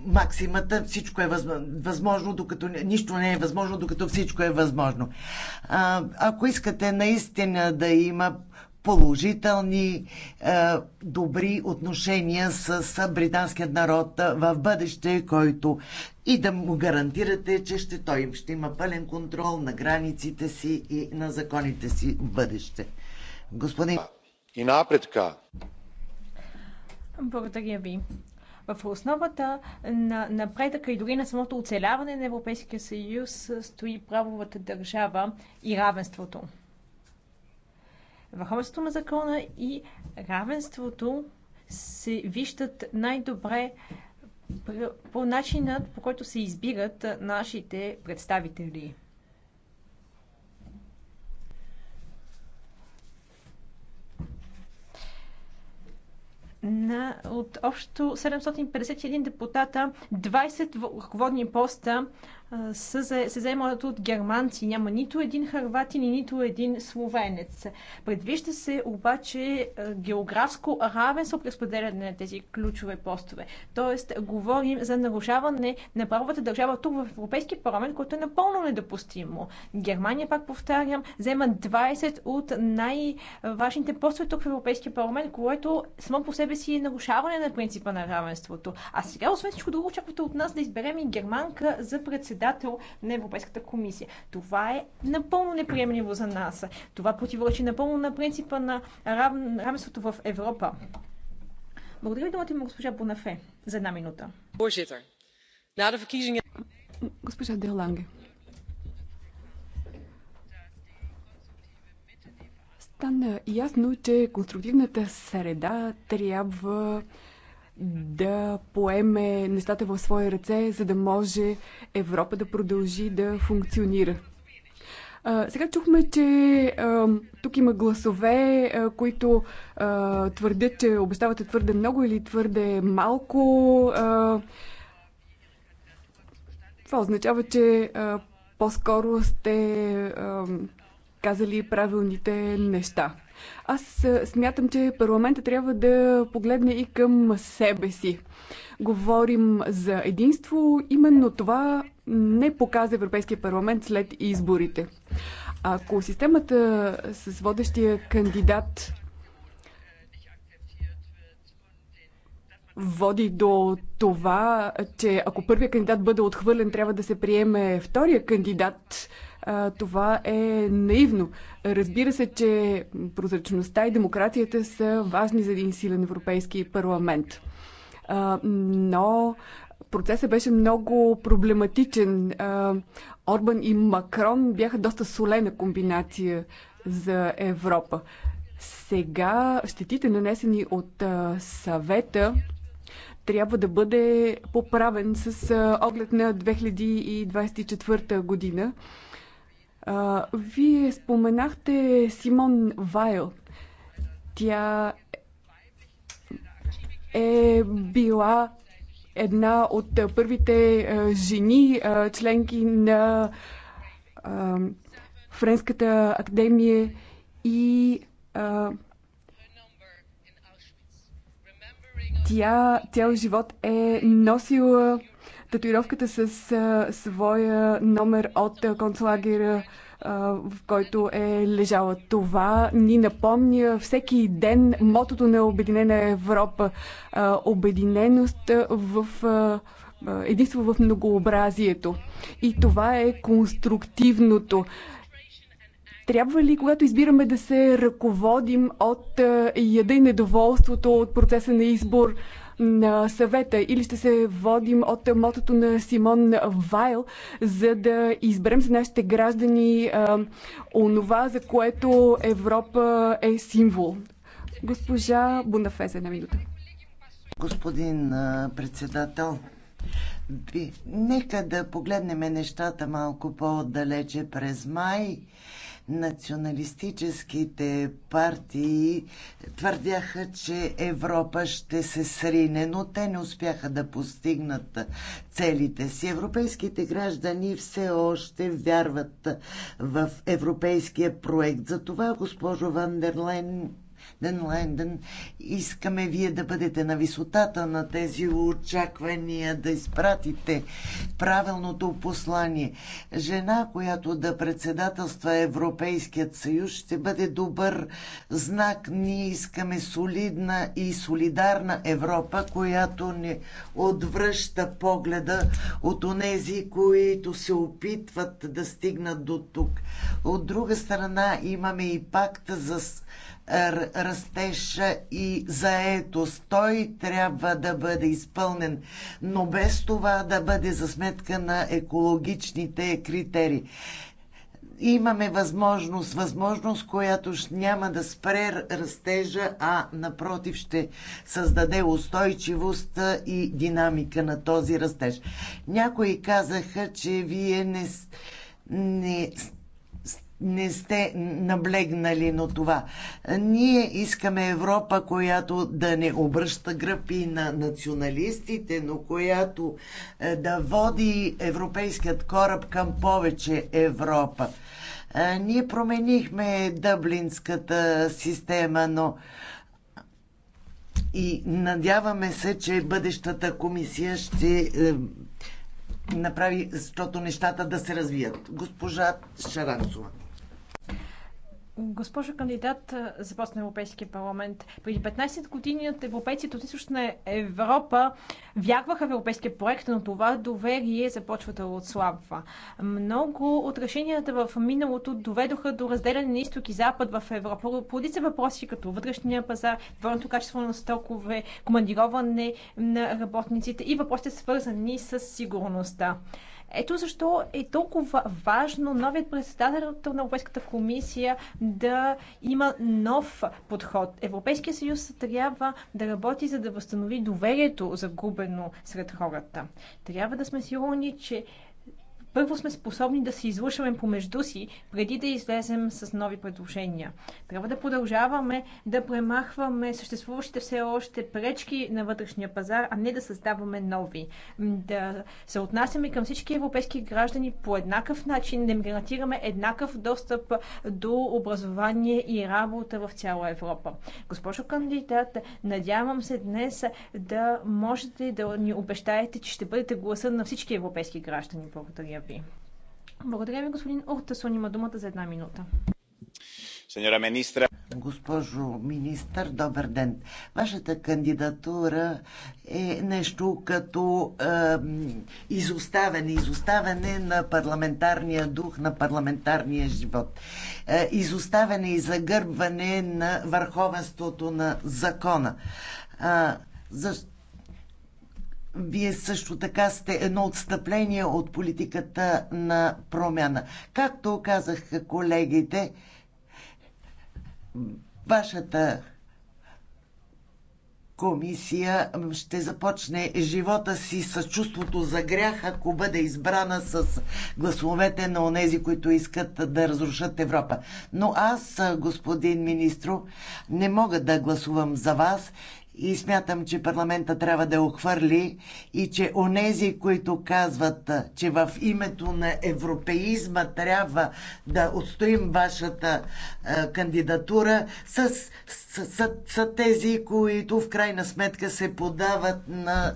максимата, всичко е възможно, докато нищо не е възможно, докато всичко е възможно. А, ако искате наистина да има положителни, е, добри отношения с британският народ е, в бъдеще, който и да му гарантирате, че ще той ще има пълен контрол на границите си и на законите си в бъдеще. Господин... И напредка. Благодаря ви. В основата на напредъка и дори на самото оцеляване на Европейския съюз стои правовата държава и равенството върховенството на закона и равенството се виждат най-добре по начинът, по който се избират нашите представители. на, от общо 751 депутата, 20 ръководни поста се заемат от германци. Няма нито един харватин и нито един словенец. Предвижда се обаче географско равенство при споделяне на тези ключове постове. Тоест, говорим за нарушаване на правовата държава тук в Европейския парламент, което е напълно недопустимо. Германия, пак повтарям, взема 20 от най-важните постове тук в Европейския парламент, което само по себе си е нарушаване на принципа на равенството. А сега, освен всичко друго, очаквате от нас да изберем и германка за председател председател на Европейската комисия. Това е напълно неприемливо за нас. Това противоречи напълно на принципа на равенството в Европа. Благодаря ви думата има госпожа Бонафе за една минута. Госпожа Деланге. Стана ясно, че конструктивната среда трябва да поеме нещата в свои ръце, за да може Европа да продължи да функционира. сега чухме, че тук има гласове, които твърдят, че обещавате твърде много или твърде малко. това означава, че по-скоро сте казали правилните неща. Аз смятам, че парламента трябва да погледне и към себе си. Говорим за единство, именно това не показа Европейския парламент след изборите. Ако системата с водещия кандидат води до това, че ако първият кандидат бъде отхвърлен, трябва да се приеме втория кандидат а, това е наивно. Разбира се, че прозрачността и демокрацията са важни за един силен европейски парламент. А, но процесът беше много проблематичен. А, Орбан и Макрон бяха доста солена комбинация за Европа. Сега щетите, нанесени от а, съвета, трябва да бъде поправен с а, оглед на 2024 година. А, вие споменахте Симон Вайл. Тя е била една от първите жени, членки на Френската академия и тя цял живот е носила татуировката с а, своя номер от концлагера, а, в който е лежала. Това ни напомня всеки ден мотото на Обединена Европа. А, обединеност в. А, единство в многообразието. И това е конструктивното. Трябва ли, когато избираме да се ръководим от яда и недоволството от процеса на избор, на съвета или ще се водим от мотото на Симон Вайл, за да изберем за нашите граждани а, онова, за което Европа е символ. Госпожа Бунафе на една минута. Господин председател, би, нека да погледнем нещата малко по-далече през май националистическите партии твърдяха, че Европа ще се срине, но те не успяха да постигнат целите си. Европейските граждани все още вярват в европейския проект. Затова, госпожо Вандерлен, Ден Ленден. Искаме вие да бъдете на висотата на тези очаквания, да изпратите правилното послание. Жена, която да председателства Европейският съюз, ще бъде добър знак. Ние искаме солидна и солидарна Европа, която не отвръща погледа от онези, които се опитват да стигнат до тук. От друга страна имаме и пакта за растеж и заетост. Той трябва да бъде изпълнен, но без това да бъде за сметка на екологичните критерии имаме възможност, възможност, която няма да спре растежа, а напротив ще създаде устойчивост и динамика на този растеж. Някои казаха, че вие не, не, не сте наблегнали на това. Ние искаме Европа, която да не обръща гръпи на националистите, но която е, да води европейският кораб към повече Европа. Е, ние променихме дъблинската система, но и надяваме се, че бъдещата комисия ще е, направи, защото нещата да се развият. Госпожа Шаранцова. Госпожо кандидат за пост на Европейския парламент, преди 15 години от европейците от източна Европа вярваха в европейския проект, но това доверие започва да отслабва. Много от решенията в миналото доведоха до разделяне на изток и запад в Европа. Подица въпроси като вътрешния пазар, върното качество на стокове, командироване на работниците и въпросите свързани с сигурността. Ето защо е толкова важно новият председател на Европейската комисия да има нов подход. Европейския съюз трябва да работи, за да възстанови доверието, загубено сред хората. Трябва да сме сигурни, че първо сме способни да се излъшваме помежду си, преди да излезем с нови предложения. Трябва да продължаваме да премахваме съществуващите все още пречки на вътрешния пазар, а не да създаваме нови. Да се отнасяме към всички европейски граждани по еднакъв начин, да им гарантираме еднакъв достъп до образование и работа в цяла Европа. Госпожо кандидат, надявам се днес да можете да ни обещаете, че ще бъдете гласа на всички европейски граждани. Благодаря ви. Благодаря ви, господин Ухтасон. Има думата за една минута. Сеньора министра. Госпожо министър, добър ден. Вашата кандидатура е нещо като е, изоставяне, изоставяне на парламентарния дух, на парламентарния живот. Е, изоставяне и загърбване на върховенството на закона. Е, защо? Вие също така сте едно отстъпление от политиката на промяна. Както казах колегите, вашата комисия ще започне живота си с чувството за грях, ако бъде избрана с гласовете на онези, които искат да разрушат Европа. Но аз, господин министро, не мога да гласувам за вас и смятам, че парламента трябва да охвърли и че онези, които казват, че в името на европеизма трябва да отстоим вашата е, кандидатура, са, са, са, са тези, които в крайна сметка се подават на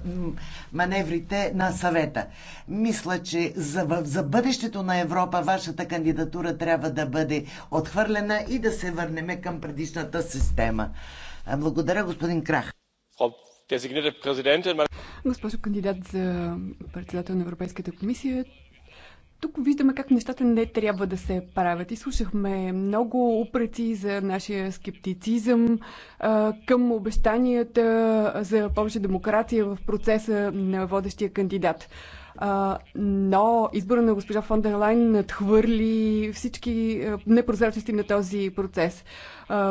маневрите на съвета. Мисля, че за, за бъдещето на Европа вашата кандидатура трябва да бъде отхвърлена и да се върнем към предишната система. Благодаря, господин Крах. Госпожо кандидат за председател на Европейската комисия, тук виждаме как нещата не трябва да се правят. И слушахме много упреци за нашия скептицизъм а, към обещанията за повече демокрация в процеса на водещия кандидат. А, но избора на госпожа фон надхвърли всички непрозрачности на този процес.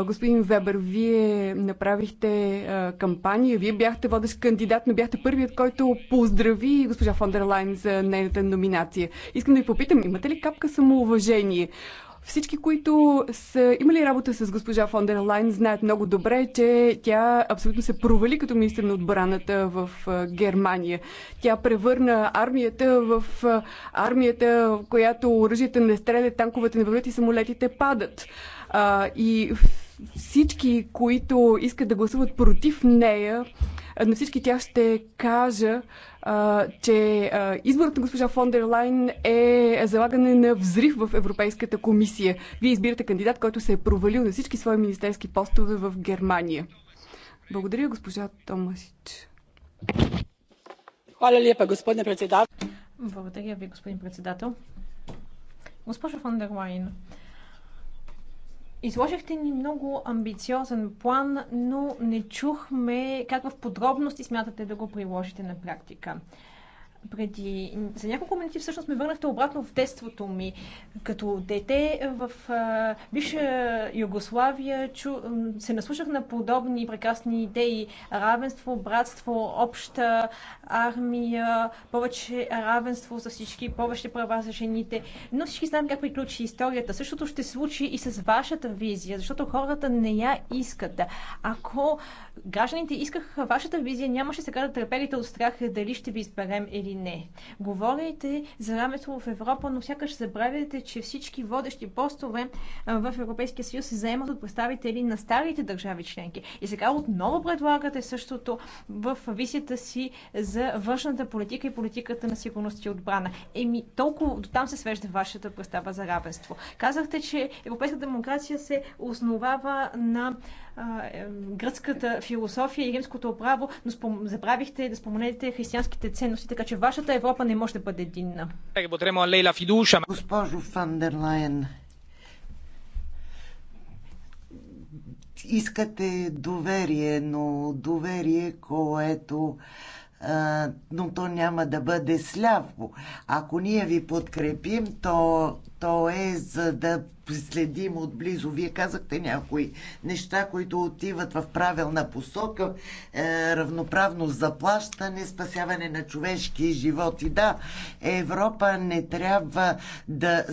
Господин Вебер, вие направихте кампания, вие бяхте водещ кандидат, но бяхте първият, който поздрави госпожа Фондерлайн за нейната номинация. Искам да ви попитам, имате ли капка самоуважение? Всички, които са имали работа с госпожа Фондер Лайн, знаят много добре, че тя абсолютно се провали като министр на отбраната в Германия. Тя превърна армията в армията, в която оръжията не стрелят, танковете не вървят и самолетите падат. А, и всички, които искат да гласуват против нея, на всички тях ще кажа, а, че а, изборът на госпожа Фондерлайн е залагане на взрив в Европейската комисия. Вие избирате кандидат, който се е провалил на всички свои министерски постове в Германия. Благодаря, госпожа Томасич. Hvala lijepa, господин председател. Благодаря ви, господин председател. Госпожо Фондерлайн, Изложихте ни много амбициозен план, но не чухме как в подробности смятате да го приложите на практика преди... За няколко минути всъщност ме върнахте обратно в детството ми. Като дете в бивша Югославия чу... се наслушах на подобни прекрасни идеи. Равенство, братство, обща армия, повече равенство за всички, повече права за жените. Но всички знаем как приключи историята. Същото ще случи и с вашата визия, защото хората не я искат. Ако гражданите искаха вашата визия, нямаше сега да треперите от страх дали ще ви изберем или или не. Говорите за равенство в Европа, но сякаш забравяте, че всички водещи постове в Европейския съюз се заемат от представители на старите държави членки. И сега отново предлагате същото в висията си за външната политика и политиката на сигурност и отбрана. Еми, толкова до там се свежда вашата представа за равенство. Казахте, че европейската демокрация се основава на е, гръцката философия и римското право, но спом... забравихте да споменете християнските ценности, така че вашата Европа не може да бъде единна. Госпожо Фандерлайн, искате доверие, но доверие, което но то няма да бъде сляпо. Ако ние ви подкрепим, то, то е за да следим отблизо. Вие казахте някои неща, които отиват в правилна посока. Е, равноправно заплащане, спасяване на човешки животи. Да, Европа не трябва да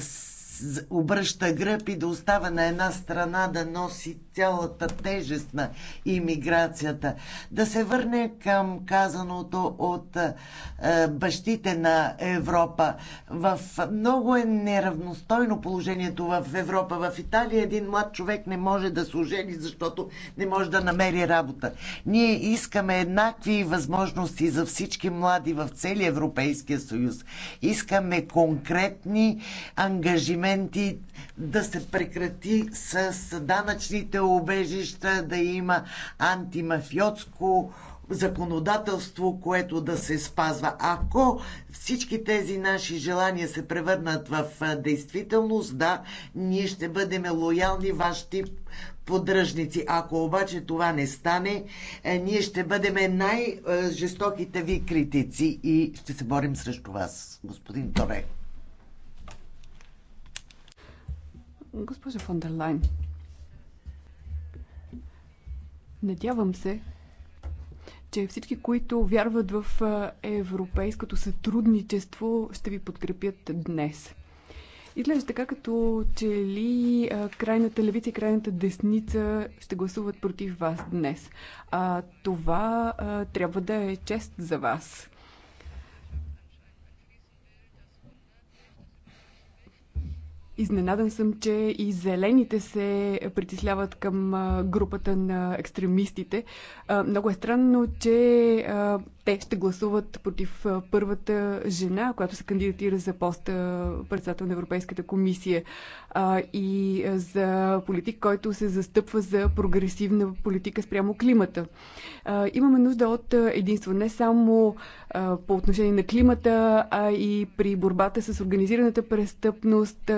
обръща гръб и да остава на една страна да носи цялата тежест на иммиграцията. Да се върне към казаното от е, бащите на Европа. В много е неравностойно положението в Европа. В Италия един млад човек не може да се ожени, защото не може да намери работа. Ние искаме еднакви възможности за всички млади в целия Европейския съюз. Искаме конкретни ангажименти инструменти, да се прекрати с данъчните обежища, да има антимафиотско законодателство, което да се спазва. Ако всички тези наши желания се превърнат в действителност, да, ние ще бъдем лоялни вашите поддръжници. Ако обаче това не стане, е, ние ще бъдем най-жестоките ви критици и ще се борим срещу вас, господин Торе. Госпожо фон дер Лайн, надявам се, че всички, които вярват в европейското сътрудничество, ще ви подкрепят днес. Изглежда така, като че ли крайната левица и крайната десница ще гласуват против вас днес. А, това а, трябва да е чест за вас. Изненадан съм, че и зелените се притесляват към групата на екстремистите. Много е странно, че те ще гласуват против първата жена, която се кандидатира за поста председател на Европейската комисия и за политик, който се застъпва за прогресивна политика спрямо климата. Имаме нужда от единство не само по отношение на климата, а и при борбата с организираната престъпност,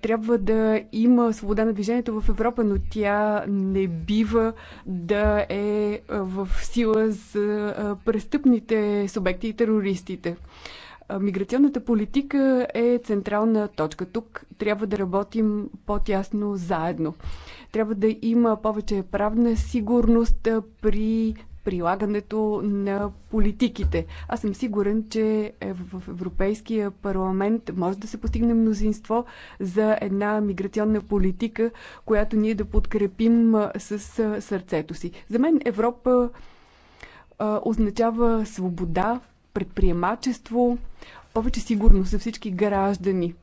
трябва да има свобода на движението в Европа, но тя не бива да е в сила за престъпните субекти и терористите. Миграционната политика е централна точка. Тук трябва да работим по-тясно заедно. Трябва да има повече правна сигурност при прилагането на политиките. Аз съм сигурен, че е в Европейския парламент може да се постигне мнозинство за една миграционна политика, която ние да подкрепим с сърцето си. За мен Европа означава свобода, предприемачество, повече сигурност за всички граждани.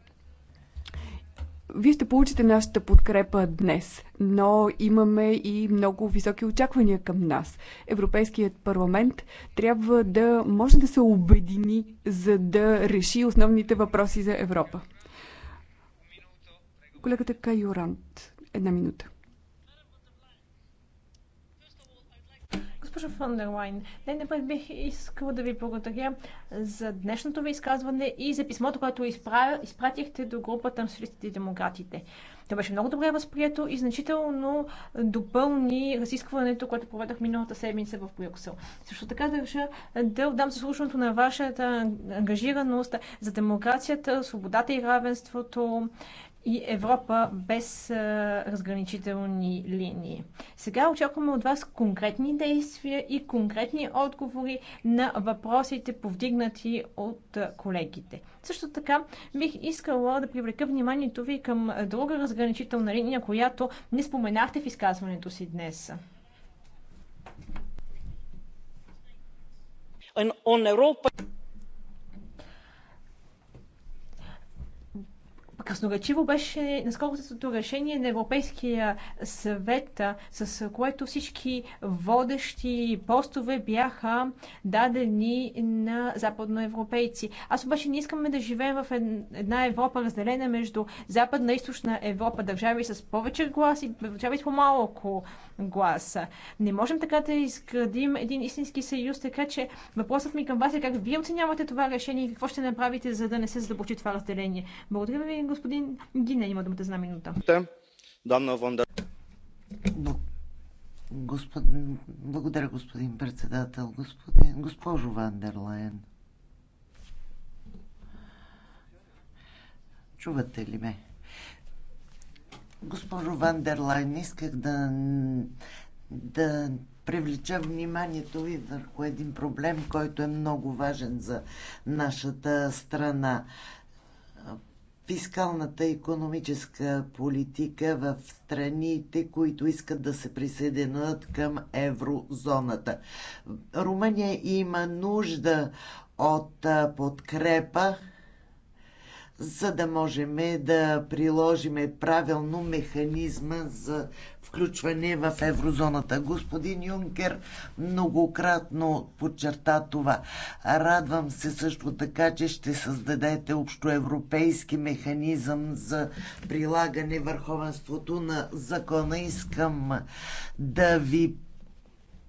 Вие ще получите нашата подкрепа днес, но имаме и много високи очаквания към нас. Европейският парламент трябва да може да се обедини, за да реши основните въпроси за Европа. Колегата Кайорант, една минута. Госпожа Фандерлайн, най-напред бих искала да ви благодаря за днешното ви изказване и за писмото, което изпратихте до групата на социалистите и демократите. Това беше много добре възприето и значително допълни разискването, което проведах миналата седмица в Брюксел. Също така държа да отдам заслушването на вашата ангажираност за демокрацията, свободата и равенството и Европа без а, разграничителни линии. Сега очакваме от вас конкретни действия и конкретни отговори на въпросите, повдигнати от а, колегите. Също така, бих искала да привлека вниманието ви към друга разграничителна линия, която не споменахте в изказването си днес. On Europa Красноречиво беше наскорошното решение на Европейския съвет, с което всички водещи постове бяха дадени на западноевропейци. Аз обаче не искаме да живеем в една Европа разделена между западна и източна Европа, държави с повече глас и държави с по-малко гласа. Не можем така да изградим един истински съюз, така че въпросът ми към вас е как вие оценявате това решение и какво ще направите, за да не се задълбочи това разделение. Благодаря ви, господин Гине има думата за минута. минута. Вонда. Благодаря, господин председател. Господин... Госпожо Вандерлайн. Чувате ли ме? Госпожо Вандерлайн, исках да, да привлеча вниманието ви върху един проблем, който е много важен за нашата страна фискалната и економическа политика в страните, които искат да се присъединят към еврозоната. Румъния има нужда от подкрепа за да можем да приложим правилно механизма за включване в еврозоната. Господин Юнкер многократно подчерта това. Радвам се също така, че ще създадете общоевропейски механизъм за прилагане върховенството на закона. Искам да ви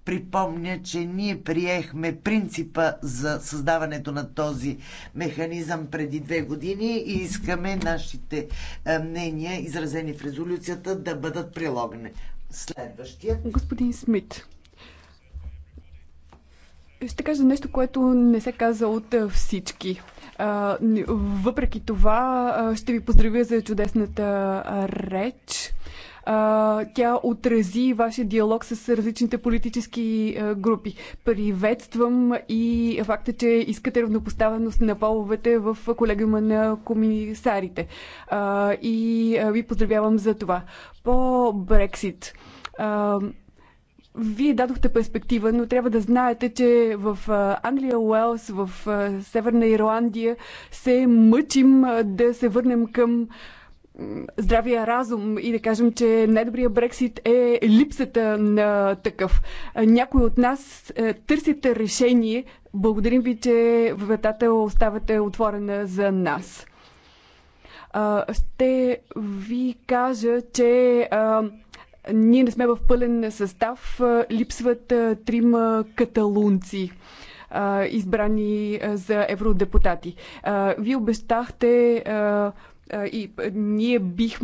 припомня, че ние приехме принципа за създаването на този механизъм преди две години и искаме нашите е, мнения, изразени в резолюцията, да бъдат прилогни. Следващия. Господин Смит, ще кажа нещо, което не се каза от е, всички. Въпреки това, ще ви поздравя за чудесната реч а, тя отрази вашия диалог с различните политически а, групи. Приветствам и факта, че искате равнопоставеност на половете в колегиума на комисарите. А, и а, ви поздравявам за това. По Брексит. А, вие дадохте перспектива, но трябва да знаете, че в Англия, Уелс, в Северна Ирландия се мъчим да се върнем към здравия разум и да кажем, че най-добрият Брексит е липсата на такъв. Някои от нас е, търсите решение. Благодарим ви, че вратата оставате отворена за нас. Ще ви кажа, че ние не сме в пълен състав. Липсват трима каталунци избрани за евродепутати. Вие обещахте и ние бихме